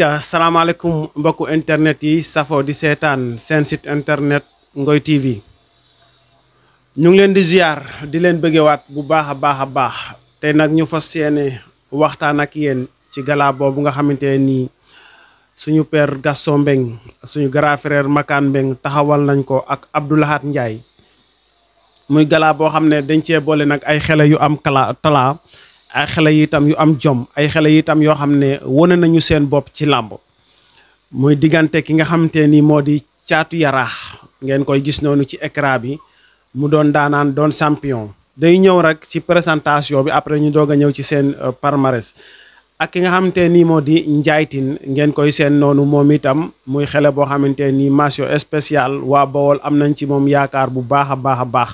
acca assalamualaikum mbokku internet yi safo di setan sen site internet Ngoy TV ñu ngi len di ziar di leen wat bu baaxa baaxa baax a nak ñu fas waxtaan ak yeen ci gala bobu nga suñu père Gaston suñu grand frère Makan Beng taxawal nañ ko ak Abdul Lahat muy gala bo xam dañ ci bolé nag ay xélé yu am kala Tala ay xele yi itam yu am jom ay xele yitam yoo xam ne wane nañu seen bopp ci làmb muy diggante ki nga xamante ni moo di caatu yaraax ngeen koy gis noonu ci écran bi mu doon daanaan doon champion day ñëw rek ci présentation bi après ñu doog a ñëw ci seen euh, palmarès ak ki nga xamante nii moo di njaaytin ngeen koy seen noonu moom itam muy xele boo xamante nii mention spéciale waa Bawol am nañ ci moom yaakaar bu baax a baax a baax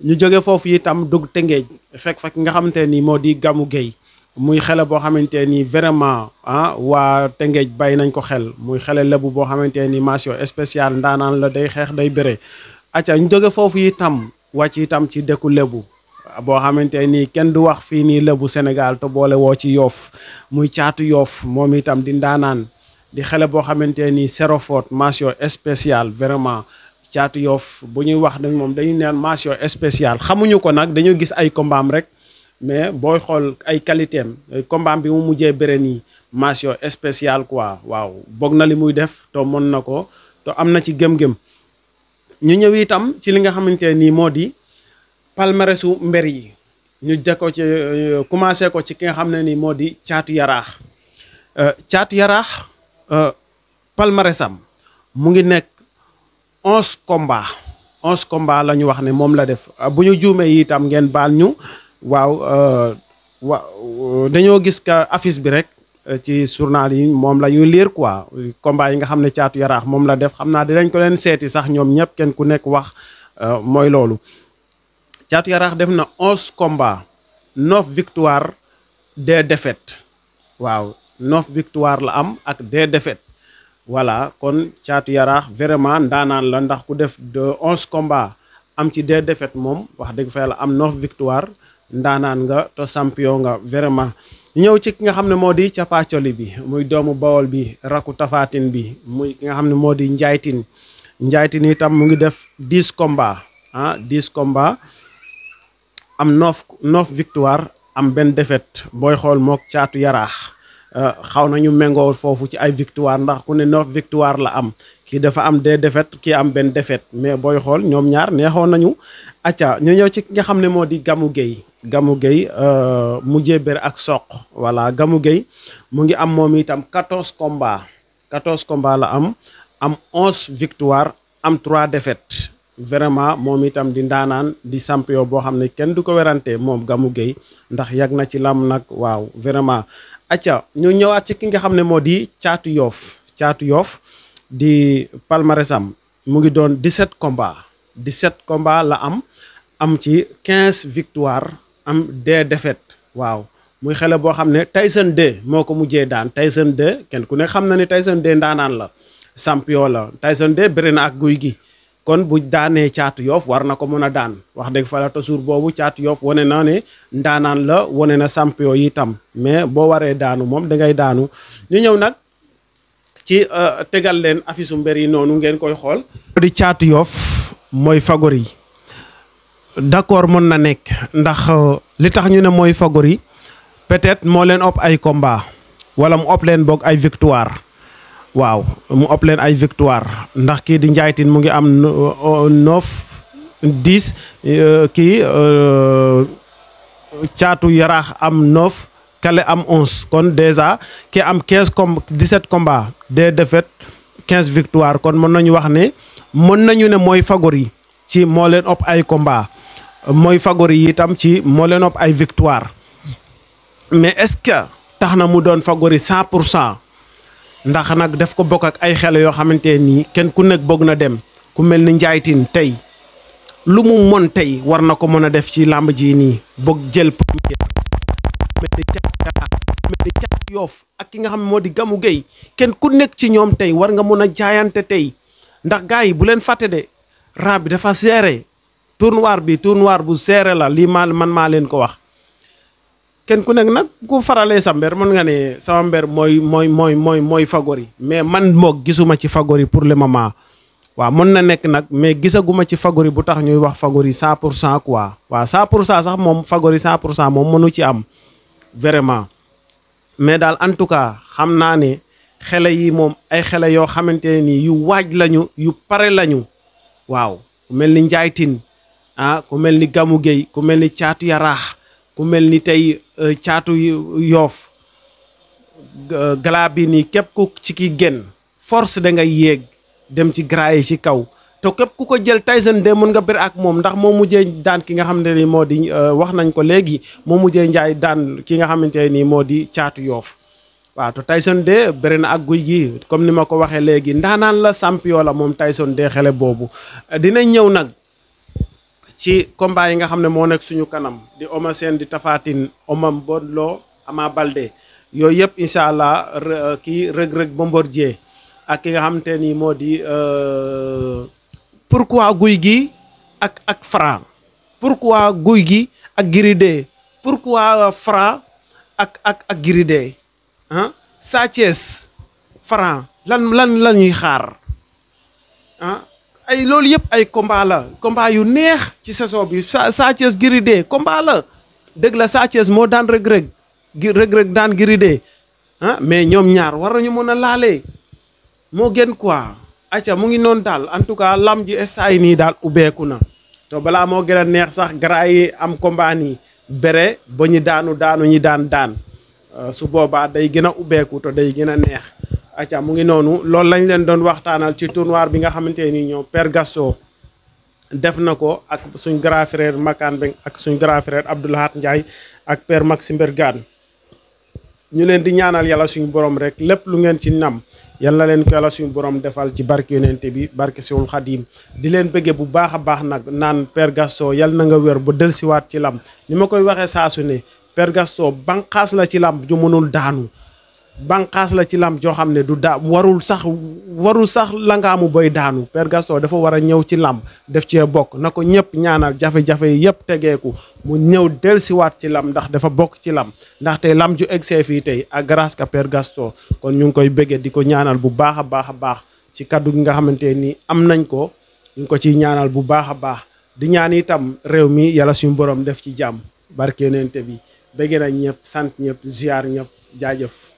ñu jóge foofu itam dugg Tëngéej fekk fekk nga xamante ni moo di gamu Gueye muy xele boo xamante ni vraiment ah waa Tëngéej bàyyi nañ ko xel muy xele lebu boo xamante ni mention spéciale ndaanaan la day xeex day bëre acca ñu jóge foofu itam wacc itam ci dëkku lebu boo xamante ni kenn du wax fii nii lebu Sénégal te boole woo ci yoof muy caatu yoof moom itam di ndaanaan di xele boo xamante ni serofoot mention spéciale vraiment caatu yof bu ñuy wax dañ moom dañu neen mention spéciale xamuñu ko nag dañoo gis ay kombaam rek mais booy xool ay qualité am kombaam bi mu mujjee bere nii mention spéciale quoi waaw bokk li muy def to mon nako to amna am na ci gëm-gëm ñu ñëw itam ci li nga xamante nii moo di palmarèsu mber yi ñu jëkko ci euh, commencé ko ci ki nga xam ne nii moo di caatu euh, euh, palmarèsam mu ngi nekk 11 combat 11 combat lañu wax né mom la def buñu joomé itam ngeen bal ñu waaw euh, euh dañu gis ka affiche bi rek euh, ci journal yi mom la ñu lire quoi combat yi nga xamné chatu yarax mom la def xamna dinañ ko len séti sax ñom ñep ken ku nek wax euh, moy lolu chatu yarax def na 11 combat 9 victoires des défaites waaw 9 victoires la am ak des défaites voilà kon caatu yaraax vraiment ndaanaan la ndax ku def de onze combats am ci deux défaites moom wax dëgg fa am neuf victoire ndaanaan nga te sampion nga vraiment ñëw ci ki nga xam ne moo di capaacoli bi muy doomu bawol bi rakku tafaatin bi muy ki nga xam ne moo di njaaytin njaaytin itam mu ngi def dix combats ah dix combats am neuf neuf victoire am benn défaite booy xool mook caatu yaraax Euh, xaw nañu méngoo foofu ci ay victoire ndax ku ne neuf victoire la am kii dafa am des défaites kii am benn défaite mais booy xool ñoom ñaar neexoon nañu. acca ñu ñëw ci ki nga xam ne moo di gamu géey Gamou Gueye euh, mujjee bëre ak soq voilà gamu géey mu ngi am moom itam 14 combats 14 combats la am am 11 victoire am 3 défaites. vraiment moom itam di ndaanaan di champion boo xam ne kenn du ko werante moom gamu géey ndax yàgg na ci lam nag waaw vraiment acca ñu ñëwaat ci ki nga xam ne moo di caatu yoof caatu yoof di palmarès am mu ngi doon 17 combats 17 combats la am am ci quinze victoires am des defet waaw muy xele boo xam ne Tyson 2 moo ko mujjee daan Tyson 2 kenn ku ne xam na ne Tyson 2 ndaanaan la champion la Tyson 2 bëri na ak guy gi kon bu daanee caatu yoof war na ko mën a daan wax dëgg fa la te boobu caatu yoof wane naa ne ndaanaan la wane na champion yi itam mais boo waree daanu moom dangay daanu ñu ñëw nag ci euh, tegal leen afisu mbër yi noonu ngeen koy xool di caatu yoof mooy favori d'accord mën na nekk ndax euh, li tax ñu ne mooy favori peut-être moo leen ëpp ay combat wala mu ëpp leen boog ay victoire waaw mu ëpp leen ay victoire ndax kii di Ndiaye mu ngi am neuf dix euh, kii euh, caatu yaraax am neuf kale am onze kon déjà ki am quinze com dix-sept combats des défaites quinze victoire kon mën nañu wax ne mën nañu ne mooy favori ci moo leen ëpp ay combat mooy favori itam ci moo leen ëpp ay victoire mais est-ce que tax na mu doon favori cent pour cent ndax nag daf ko bokk ak ay xel yoo xamante nii kenn ku nekk bëgg na dem ku mel ni njaaytin tey lu mu mën tey war na ko mën a def ci làmb ji nii bëgg jël premier mel ni caat mel ni caat yoof ak ki nga xam moo di gamu géey kenn ku nekk ci ñoom tey war nga mën a jaayante tey ndax gars yi bu leen fàtte de rang bi dafa seere tournoi bi tournoi bu serré la lii maa man maa leen ko wax kenn ku nekk nag ku faralee sa mber mën nga ne sama mber mooy mooy mooy mooy mooy fagori mais man moog gisuma ci fagori pour le moment waaw mën na nekk nag mais gisaguma ci favori bu tax ñuy wax fagori cent pour cent quoi waaw cent pour cent sax moom favori cent pour cent moom mënu ci am vraiment mais daal en tout cas xam naa ni xele yi moom ay xele yoo xamante ne nii yu waaj lañu yu pare lañu waaw ku mel ni Njaay ah ku mel ni Gamou Gueye ku mel ni Caatu Yaraax ku mel ni tey euh, caatu yoof euh, galaa bi nii képp ku ci ki génn force da nga yéeg dem ci gras yi ci kaw te képp ku ko jël Tyson de mën nga bëri ak moom ndax moo mujjee daan ki nga xam ni moo di euh, wax nañ ko léegi moo mujjee njaay daan ki nga xamante nii moo di caatu yoof waaw te Tyson de bëri na ak guy gi comme ni ma ko waxee léegi ndaanaan la champion la moom Tyson de xele boobu dina ñëw nag ci combat yi nga xamne ne nek suñu kanam di oma sen di tafatin oma bonlo Ama balde yoy yep inshallah re, euh, reg Bombardier ak ki nga xam ni modi euh pourquoi guygi ak ak fra pourquoi guygi ak Gridé pourquoi euh, fra ak ak ak Gridé hein Sa Thiès fra lan lan lan ñuy xaar hein ay loolu yëpp ay combat la combat yu neex ci saison bi sa Sa Thiès Gris 2 combat la dëgg la Sa moo daan Reug Reug gi Reug daan Gris ah mais ñoom ñaar war nañu mën a laalee moo gën quoi acca mu ngi noonu daal en tout cas lam ji essaay nii daal ubbeeku na te balaa moo gën a neex sax gara yi am combat nii bere ba ñu daanu daanu ñi daan daan euh, su boobaa day gën a ubbeeku te day gën a neex acca mu ngi nonu loolu lañ leen doon waxtaanal ci tournoir bi nga xamanteni ñoo Père Gasso def nako ak suñ grand frère Makan Beng ak suñ grand frère hat ndjay ak Père Maxime Bergane ñu leen di ñaanal yalla suñ borom rek lepp lu ngeen ci nam yalla leen ko yalla suñ borom defal ci barke yonente bi barke Sewul khadim di leen bëgge bu baaxa baax nak naan Père Gasso yalla na nga wér ba dellusiwaat ci lam nima ma koy waxee saasu ne Père Gasso la ci lam ju mënul daanu bankas la ci lam jo xamne du da warul sax warul sax langaamu boy daanu Père Gaston dafa wara ñew ci lamb def ci bok nako ko ñëpp ñaanal jafe-jafe yëpp tegeeku mu ñew del ci lam ndax dafa bok ci lam ndax tey lam ju exé fi tey ak grâce ka Père Gaston kon ñu ngi koy bëggé di ko ñaanal bu baaxa baaxa baax ci kaddu gi nga am nañ ko ñu ko ci ñaanal bu baaxa baax di ñaan itam réew mi yalla suñu borom def ci barke neente bi bëggé na ñëpp sant nyep ziar nyep jaajeuf